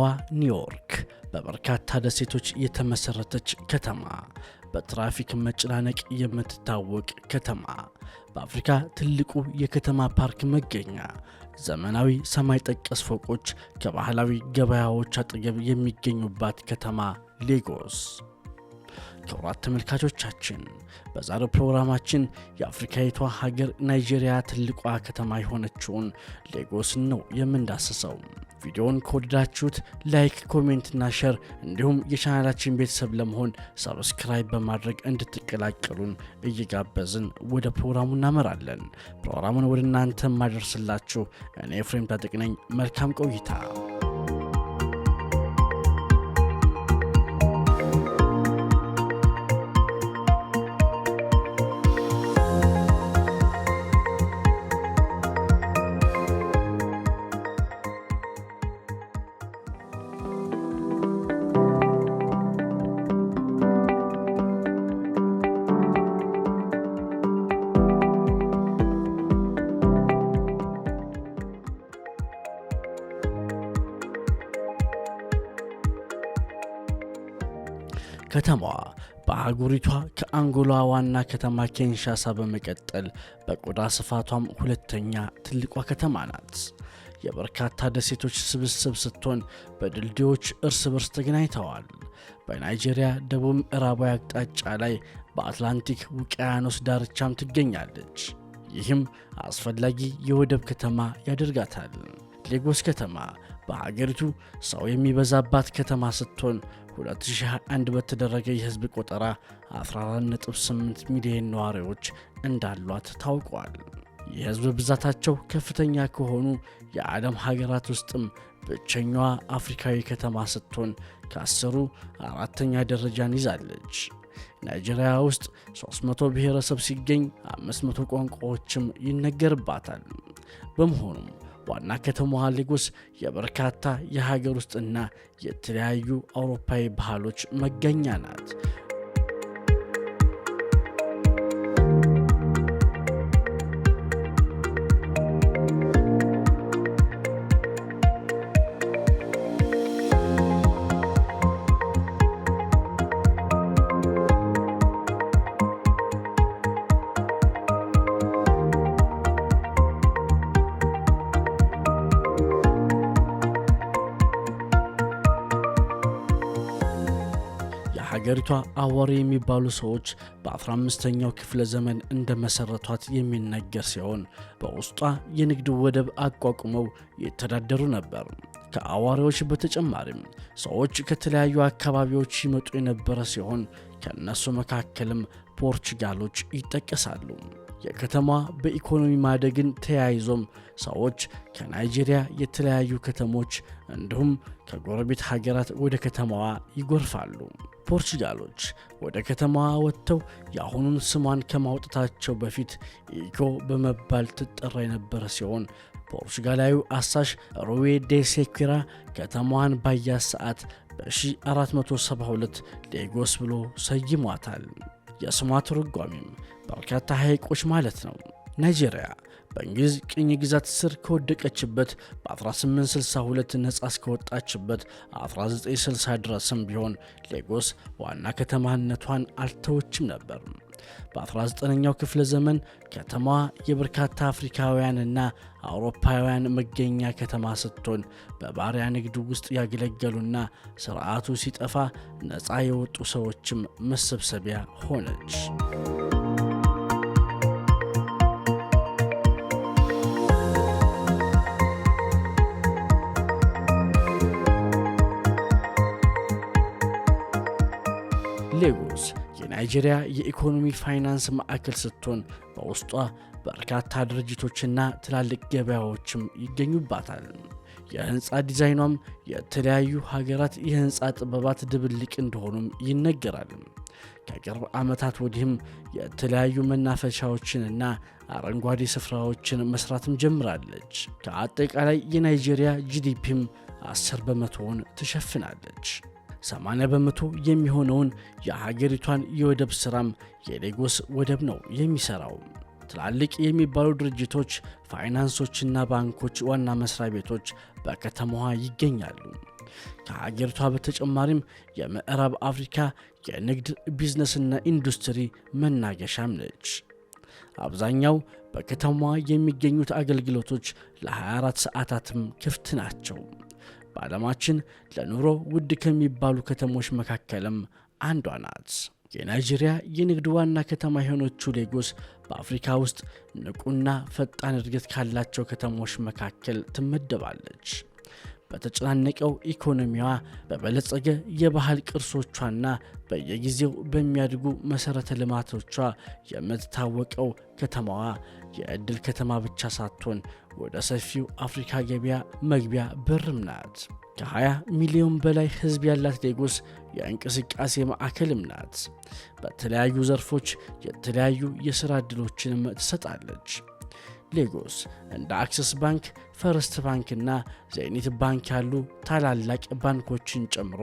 ከተማዋ ኒውዮርክ በበርካታ ደሴቶች የተመሰረተች ከተማ፣ በትራፊክ መጨናነቅ የምትታወቅ ከተማ፣ በአፍሪካ ትልቁ የከተማ ፓርክ መገኛ፣ ዘመናዊ ሰማይ ጠቀስ ፎቆች ከባህላዊ ገበያዎች አጠገብ የሚገኙባት ከተማ ሌጎስ። ክቡራት ተመልካቾቻችን በዛሬው ፕሮግራማችን የአፍሪካዊቷ ሀገር ናይጄሪያ ትልቋ ከተማ የሆነችውን ሌጎስን ነው የምንዳስሰው። ቪዲዮውን ከወደዳችሁት ላይክ፣ እና ሸር እንዲሁም የቻናላችን ቤተሰብ ለመሆን ሰብስክራይብ በማድረግ እንድትቀላቀሉን እየጋበዝን ወደ ፕሮግራሙ እናመራለን። ፕሮግራሙን ወደ እናንተ ማደርስላችሁ እኔ ፍሬም ታጠቅነኝ። መልካም ቆይታ ከተማዋ በአህጉሪቷ ከአንጎላ ዋና ከተማ ኪንሻሳ በመቀጠል በቆዳ ስፋቷም ሁለተኛ ትልቋ ከተማ ናት። የበርካታ ደሴቶች ስብስብ ስትሆን በድልድዮች እርስ በርስ ተገናኝተዋል። በናይጄሪያ ደቡብ ምዕራባዊ አቅጣጫ ላይ በአትላንቲክ ውቅያኖስ ዳርቻም ትገኛለች። ይህም አስፈላጊ የወደብ ከተማ ያደርጋታል። ሌጎስ ከተማ በሀገሪቱ ሰው የሚበዛባት ከተማ ስትሆን 2021 በተደረገ የህዝብ ቆጠራ 14.8 ሚሊዮን ነዋሪዎች እንዳሏት ታውቋል። የህዝብ ብዛታቸው ከፍተኛ ከሆኑ የዓለም ሀገራት ውስጥም ብቸኛዋ አፍሪካዊ ከተማ ስትሆን ከአስሩ አራተኛ ደረጃን ይዛለች። ናይጄሪያ ውስጥ 300 ብሔረሰብ ሲገኝ 500 ቋንቋዎችም ይነገርባታል። በመሆኑም ዋና ከተማዋ ሌጎስ የበርካታ የሀገር ውስጥና የተለያዩ አውሮፓዊ ባህሎች መገኛ ናት። ሀገሪቷ አዋሪ የሚባሉ ሰዎች በ15ኛው ክፍለ ዘመን እንደመሰረቷት የሚነገር ሲሆን በውስጧ የንግድ ወደብ አቋቁመው የተዳደሩ ነበር። ከአዋሪዎች በተጨማሪም ሰዎች ከተለያዩ አካባቢዎች ይመጡ የነበረ ሲሆን ከእነሱ መካከልም ፖርቹጋሎች ይጠቀሳሉ። የከተማ በኢኮኖሚ ማደግን ተያይዞም ሰዎች ከናይጄሪያ የተለያዩ ከተሞች እንዲሁም ከጎረቤት ሀገራት ወደ ከተማዋ ይጎርፋሉ። ፖርቹጋሎች ወደ ከተማዋ ወጥተው የአሁኑን ስሟን ከማውጣታቸው በፊት ኢኮ በመባል ትጠራ የነበረ ሲሆን ፖርቹጋላዊ አሳሽ ሩዌ ዴ ሴኩራ ከተማዋን ባያት ሰዓት በ1472 ሌጎስ ብሎ ሰይሟታል። የስሟ ትርጓሚም በርካታ ሐይቆች ማለት ነው። ናይጄሪያ በእንግሊዝ ቅኝ ግዛት ስር ከወደቀችበት በ1862 ነጻ እስከወጣችበት 1960 ድረስም ቢሆን ሌጎስ ዋና ከተማነቷን አልተወችም ነበር። በ19ኛው ክፍለ ዘመን ከተማዋ የበርካታ አፍሪካውያንና አውሮፓውያን መገኛ ከተማ ስትሆን በባሪያ ንግድ ውስጥ ያገለገሉና ስርዓቱ ሲጠፋ ነፃ የወጡ ሰዎችም መሰብሰቢያ ሆነች። ሌጎስ የናይጄሪያ የኢኮኖሚ ፋይናንስ ማዕከል ስትሆን በውስጧ በርካታ ድርጅቶችና ትላልቅ ገበያዎችም ይገኙባታል። የህንፃ ዲዛይኗም የተለያዩ ሀገራት የህንፃ ጥበባት ድብልቅ እንደሆኑም ይነገራል። ከቅርብ ዓመታት ወዲህም የተለያዩ መናፈሻዎችንና አረንጓዴ ስፍራዎችን መስራትም ጀምራለች። ከአጠቃላይ የናይጄሪያ ጂዲፒም 10 በመቶውን ትሸፍናለች። 80 በመቶ የሚሆነውን የሀገሪቷን የወደብ ስራም የሌጎስ ወደብ ነው የሚሰራው። ትላልቅ የሚባሉ ድርጅቶች፣ ፋይናንሶችና ባንኮች ዋና መስሪያ ቤቶች በከተማዋ ይገኛሉ። ከሀገሪቷ በተጨማሪም የምዕራብ አፍሪካ የንግድ ቢዝነስና ኢንዱስትሪ መናገሻም ነች። አብዛኛው በከተማዋ የሚገኙት አገልግሎቶች ለ24 ሰዓታትም ክፍት ናቸው። በዓለማችን ለኑሮ ውድ ከሚባሉ ከተሞች መካከልም አንዷ ናት። የናይጄሪያ የንግድ ዋና ከተማ የሆነችው ሌጎስ በአፍሪካ ውስጥ ንቁና ፈጣን እድገት ካላቸው ከተሞች መካከል ትመደባለች። በተጨናነቀው ኢኮኖሚዋ በበለጸገ የባህል ቅርሶቿና በየጊዜው በሚያድጉ መሠረተ ልማቶቿ የምትታወቀው ከተማዋ የዕድል ከተማ ብቻ ሳትሆን ወደ ሰፊው አፍሪካ ገበያ መግቢያ በርም ናት። ከ20 ሚሊዮን በላይ ሕዝብ ያላት ሌጎስ የእንቅስቃሴ ማዕከልም ናት። በተለያዩ ዘርፎች የተለያዩ የሥራ ዕድሎችንም ትሰጣለች። ሌጎስ እንደ አክሰስ ባንክ፣ ፈርስት እና ዘይኒት ባንክ ያሉ ታላላቅ ባንኮችን ጨምሮ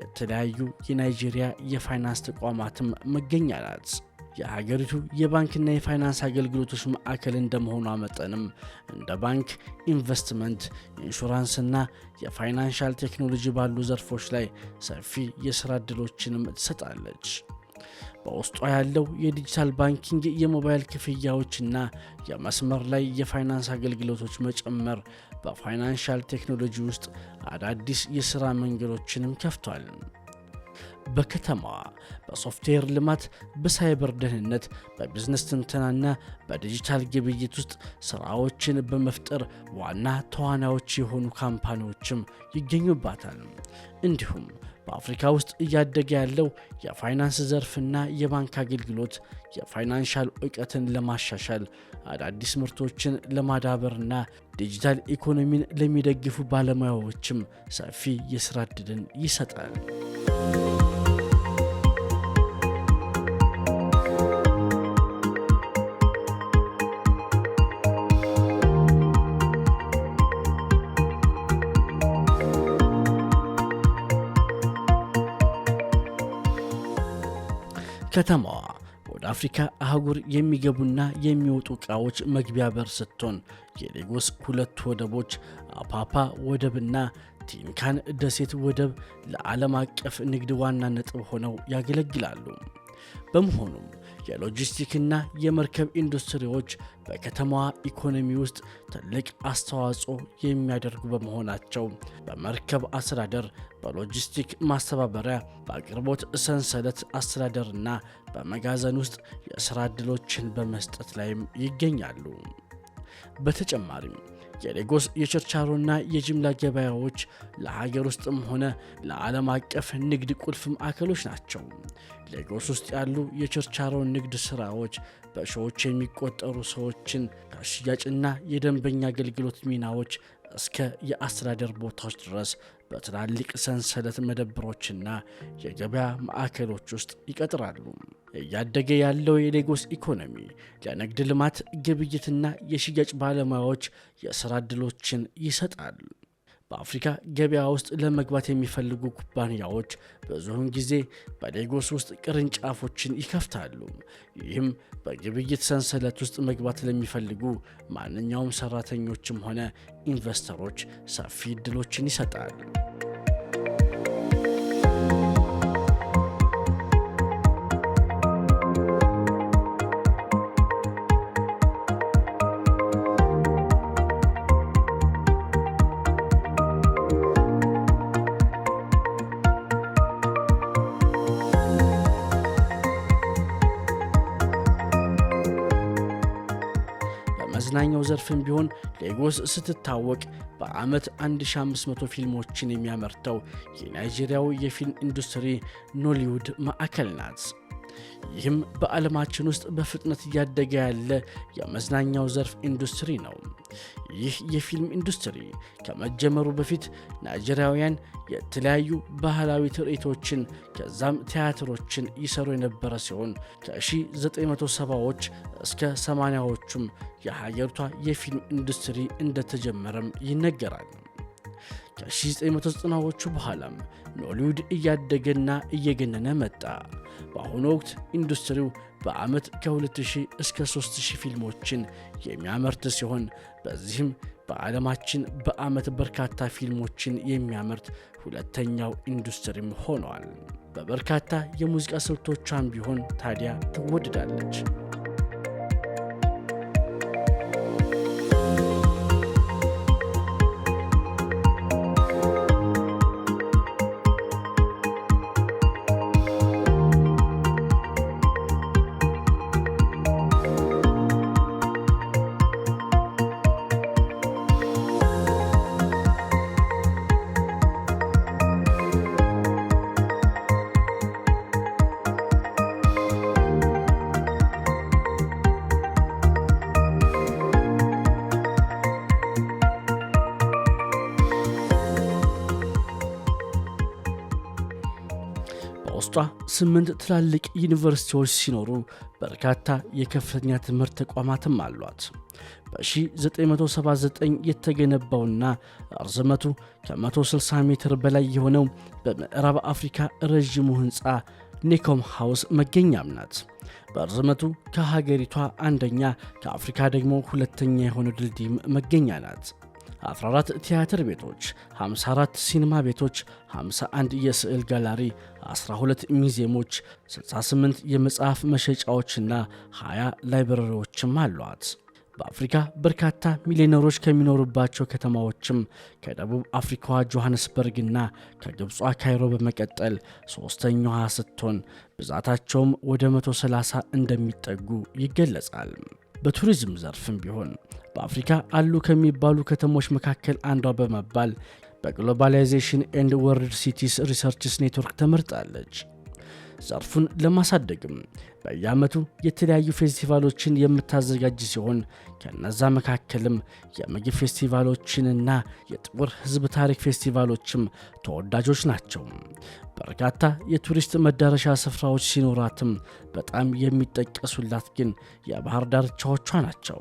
የተለያዩ የናይጄሪያ የፋይናንስ ተቋማትም መገኛ ናት። የሀገሪቱ የባንክና የፋይናንስ አገልግሎቶች ማዕከል እንደመሆኗ መጠንም እንደ ባንክ፣ ኢንቨስትመንት፣ ኢንሹራንስና የፋይናንሻል ቴክኖሎጂ ባሉ ዘርፎች ላይ ሰፊ የስራ ዕድሎችንም ትሰጣለች። በውስጧ ያለው የዲጂታል ባንኪንግ፣ የሞባይል ክፍያዎችና የመስመር ላይ የፋይናንስ አገልግሎቶች መጨመር በፋይናንሻል ቴክኖሎጂ ውስጥ አዳዲስ የሥራ መንገዶችንም ከፍቷል። በከተማዋ በሶፍትዌር ልማት፣ በሳይበር ደህንነት፣ በቢዝነስ ትንተናና በዲጂታል ግብይት ውስጥ ስራዎችን በመፍጠር ዋና ተዋናዎች የሆኑ ካምፓኒዎችም ይገኙባታል። እንዲሁም በአፍሪካ ውስጥ እያደገ ያለው የፋይናንስ ዘርፍና የባንክ አገልግሎት የፋይናንሻል እውቀትን ለማሻሻል አዳዲስ ምርቶችን ለማዳበርና ዲጂታል ኢኮኖሚን ለሚደግፉ ባለሙያዎችም ሰፊ የስራ ዕድልን ይሰጣል። ከተማዋ ወደ አፍሪካ አህጉር የሚገቡና የሚወጡ ዕቃዎች መግቢያ በር ስትሆን የሌጎስ ሁለት ወደቦች አፓፓ ወደብና ቲንካን ደሴት ወደብ ለዓለም አቀፍ ንግድ ዋና ነጥብ ሆነው ያገለግላሉ። በመሆኑም የሎጂስቲክና የመርከብ ኢንዱስትሪዎች በከተማዋ ኢኮኖሚ ውስጥ ትልቅ አስተዋጽኦ የሚያደርጉ በመሆናቸው በመርከብ አስተዳደር፣ በሎጂስቲክ ማስተባበሪያ፣ በአቅርቦት ሰንሰለት አስተዳደርና በመጋዘን ውስጥ የስራ ዕድሎችን በመስጠት ላይም ይገኛሉ። በተጨማሪም የሌጎስ የችርቻሮና የጅምላ ገበያዎች ለሀገር ውስጥም ሆነ ለዓለም አቀፍ ንግድ ቁልፍ ማዕከሎች ናቸው። ሌጎስ ውስጥ ያሉ የችርቻሮ ንግድ ስራዎች በሺዎች የሚቆጠሩ ሰዎችን ከሽያጭና የደንበኛ አገልግሎት ሚናዎች እስከ የአስተዳደር ቦታዎች ድረስ በትላልቅ ሰንሰለት መደብሮችና የገበያ ማዕከሎች ውስጥ ይቀጥራሉ። እያደገ ያለው የሌጎስ ኢኮኖሚ ለንግድ ልማት፣ ግብይትና የሽያጭ ባለሙያዎች የሥራ ዕድሎችን ይሰጣል። በአፍሪካ ገበያ ውስጥ ለመግባት የሚፈልጉ ኩባንያዎች ብዙውን ጊዜ በሌጎስ ውስጥ ቅርንጫፎችን ይከፍታሉ። ይህም በግብይት ሰንሰለት ውስጥ መግባት ለሚፈልጉ ማንኛውም ሰራተኞችም ሆነ ኢንቨስተሮች ሰፊ እድሎችን ይሰጣል። በመዝናኛው ዘርፍም ቢሆን ሌጎስ ስትታወቅ በዓመት 1500 ፊልሞችን የሚያመርተው የናይጄሪያው የፊልም ኢንዱስትሪ ኖሊውድ ማዕከል ናት። ይህም በዓለማችን ውስጥ በፍጥነት እያደገ ያለ የመዝናኛው ዘርፍ ኢንዱስትሪ ነው። ይህ የፊልም ኢንዱስትሪ ከመጀመሩ በፊት ናይጀሪያውያን የተለያዩ ባህላዊ ትርኢቶችን ከዛም ቲያትሮችን ይሰሩ የነበረ ሲሆን ከ1970ዎች እስከ 80ዎቹም የሀገሪቷ የፊልም ኢንዱስትሪ እንደተጀመረም ይነገራል። ከ1990ዎቹ በኋላም ኖሊውድ እያደገና እየገነነ መጣ። በአሁኑ ወቅት ኢንዱስትሪው በዓመት ከ2000 እስከ 3000 ፊልሞችን የሚያመርት ሲሆን በዚህም በዓለማችን በዓመት በርካታ ፊልሞችን የሚያመርት ሁለተኛው ኢንዱስትሪም ሆኗል በበርካታ የሙዚቃ ስልቶቿን ቢሆን ታዲያ ትወድዳለች። ውስጧ ስምንት ትላልቅ ዩኒቨርሲቲዎች ሲኖሩ በርካታ የከፍተኛ ትምህርት ተቋማትም አሏት። በ1979 የተገነባውና ርዝመቱ ከ160 ሜትር በላይ የሆነው በምዕራብ አፍሪካ ረዥሙ ህንፃ ኔኮም ሃውስ መገኛም ናት። በርዝመቱ ከሀገሪቷ አንደኛ ከአፍሪካ ደግሞ ሁለተኛ የሆነው ድልድይም መገኛ ናት። 14 ቲያትር ቤቶች፣ 54 ሲኒማ ቤቶች፣ 51 የስዕል ጋላሪ፣ 12 ሚዚየሞች፣ 68 የመጽሐፍ መሸጫዎችና 20 ላይብረሪዎችም አሏት። በአፍሪካ በርካታ ሚሊዮነሮች ከሚኖሩባቸው ከተማዎችም ከደቡብ አፍሪካዋ ጆሐንስበርግና ከግብጿ ካይሮ በመቀጠል ሦስተኛዋ ስትሆን ብዛታቸውም ወደ 130 እንደሚጠጉ ይገለጻል። በቱሪዝም ዘርፍም ቢሆን በአፍሪካ አሉ ከሚባሉ ከተሞች መካከል አንዷ በመባል በግሎባላይዜሽን ኤንድ ወርልድ ሲቲስ ሪሰርችስ ኔትወርክ ተመርጣለች። ዘርፉን ለማሳደግም በየዓመቱ የተለያዩ ፌስቲቫሎችን የምታዘጋጅ ሲሆን ከነዛ መካከልም የምግብ ፌስቲቫሎችንና የጥቁር ሕዝብ ታሪክ ፌስቲቫሎችም ተወዳጆች ናቸው። በርካታ የቱሪስት መዳረሻ ስፍራዎች ሲኖራትም በጣም የሚጠቀሱላት ግን የባህር ዳርቻዎቿ ናቸው።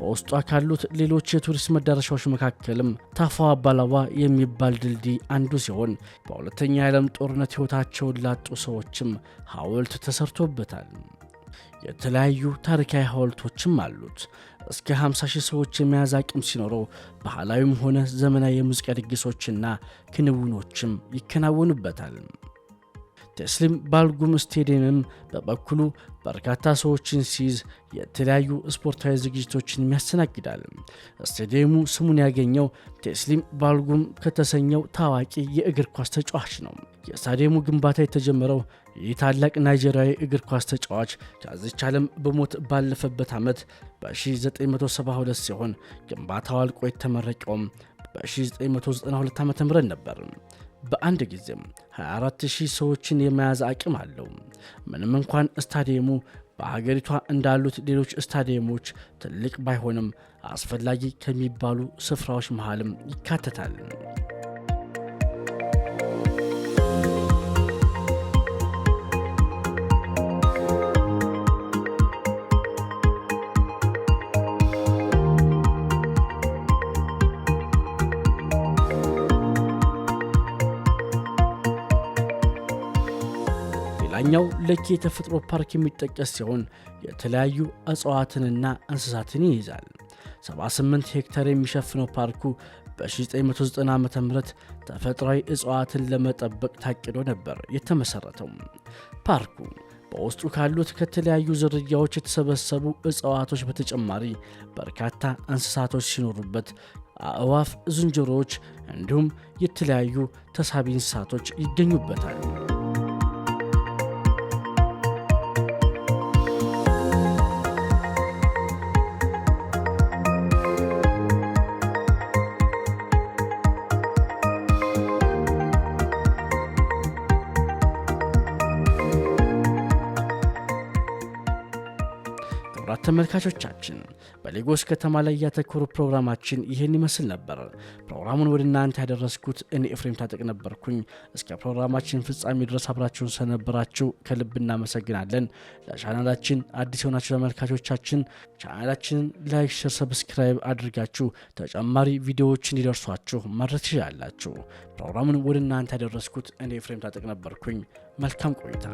በውስጧ ካሉት ሌሎች የቱሪስት መዳረሻዎች መካከልም ታፋ አባላዋ የሚባል ድልድይ አንዱ ሲሆን በሁለተኛ የዓለም ጦርነት ሕይወታቸውን ላጡ ሰዎችም ሐውልት ተሰርቶበታል። የተለያዩ ታሪካዊ ሐውልቶችም አሉት። እስከ 50 ሺህ ሰዎች የመያዝ አቅም ሲኖረው ባህላዊም ሆነ ዘመናዊ የሙዚቃ ድግሶችና ክንውኖችም ይከናወኑበታል። ቴስሊም ባልጉም ስቴዲየምም በበኩሉ በርካታ ሰዎችን ሲይዝ የተለያዩ ስፖርታዊ ዝግጅቶችን ያስተናግዳል። ስቴዲየሙ ስሙን ያገኘው ቴስሊም ባልጉም ከተሰኘው ታዋቂ የእግር ኳስ ተጫዋች ነው። የስታዲየሙ ግንባታ የተጀመረው ይህ ታላቅ ናይጄሪያዊ እግር ኳስ ተጫዋች ከዚች ዓለም በሞት ባለፈበት ዓመት በ1972 ሲሆን ግንባታው አልቆ የተመረቀውም በ1992 ዓ ም ነበር። በአንድ ጊዜም 24000 ሰዎችን የመያዝ አቅም አለው። ምንም እንኳን ስታዲየሙ በሀገሪቷ እንዳሉት ሌሎች ስታዲየሞች ትልቅ ባይሆንም አስፈላጊ ከሚባሉ ስፍራዎች መሃልም ይካተታል። ሌላኛው ለኪ የተፈጥሮ ፓርክ የሚጠቀስ ሲሆን የተለያዩ እጽዋትንና እንስሳትን ይይዛል። 78 ሄክታር የሚሸፍነው ፓርኩ በ1990 ዓ ም ተፈጥሯዊ እጽዋትን ለመጠበቅ ታቅዶ ነበር የተመሠረተው። ፓርኩ በውስጡ ካሉት ከተለያዩ ዝርያዎች የተሰበሰቡ እጽዋቶች በተጨማሪ በርካታ እንስሳቶች ሲኖሩበት አእዋፍ፣ ዝንጀሮዎች እንዲሁም የተለያዩ ተሳቢ እንስሳቶች ይገኙበታል። ተመልካቾቻችን በሌጎስ ከተማ ላይ ያተኮሩ ፕሮግራማችን ይህን ይመስል ነበር። ፕሮግራሙን ወደ እናንተ ያደረስኩት እኔ ኤፍሬም ታጠቅ ነበርኩኝ። እስከ ፕሮግራማችን ፍጻሜ ድረስ አብራችሁን ስለነበራችሁ ከልብ እናመሰግናለን። ለቻናላችን አዲስ የሆናችሁ ተመልካቾቻችን ቻናላችንን ላይክ፣ ሸር፣ ሰብስክራይብ አድርጋችሁ ተጨማሪ ቪዲዮዎች እንዲደርሷችሁ ማድረግ ትችላላችሁ። ፕሮግራሙን ወደ እናንተ ያደረስኩት እኔ ኤፍሬም ታጠቅ ነበርኩኝ። መልካም ቆይታ